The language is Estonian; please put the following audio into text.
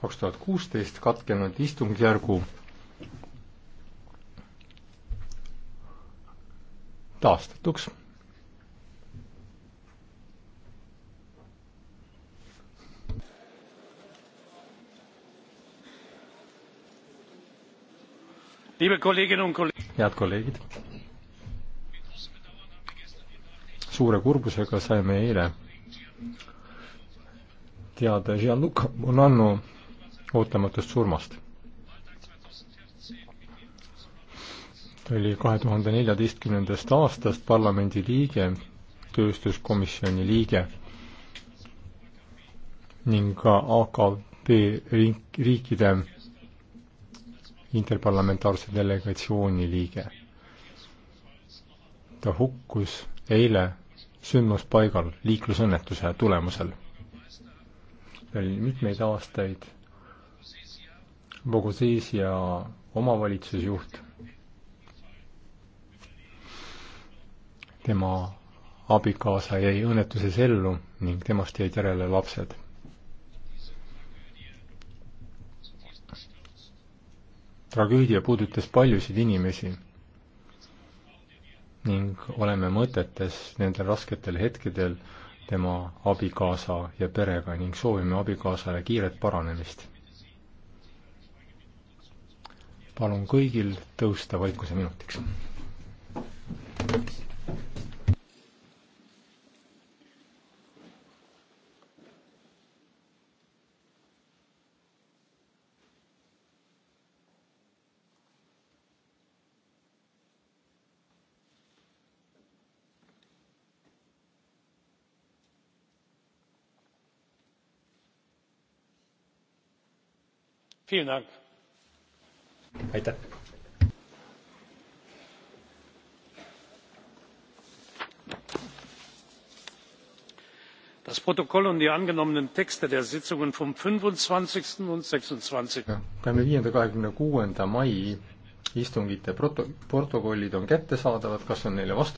kaks tuhat kuusteist katkenud istungjärgu taastatuks. head kolleegid, suure kurbusega saime eile teada Gianluca Bonanno ootamatust surmast. ta oli kahe tuhande neljateistkümnendast aastast parlamendi liige, tööstuskomisjoni liige ning ka AKP riikide interparlamentaarse delegatsiooni liige. ta hukkus eile sündmuspaigal liiklusõnnetuse tulemusel. ta oli mitmeid aastaid Bogosees ja omavalitsusjuht. tema abikaasa jäi õnnetuses ellu ning temast jäid järele lapsed. tragöödia puudutas paljusid inimesi ning oleme mõtetes nendel rasketel hetkedel tema abikaasa ja perega ning soovime abikaasale kiiret paranemist palun kõigil tõusta vaikuse minutiks. vielen dank! aitäh. das protokoll und die angenommenen texte der sitzungen vom. 25. und 26. mai istungite protokollid on kättesaadavad kas on neile vastu?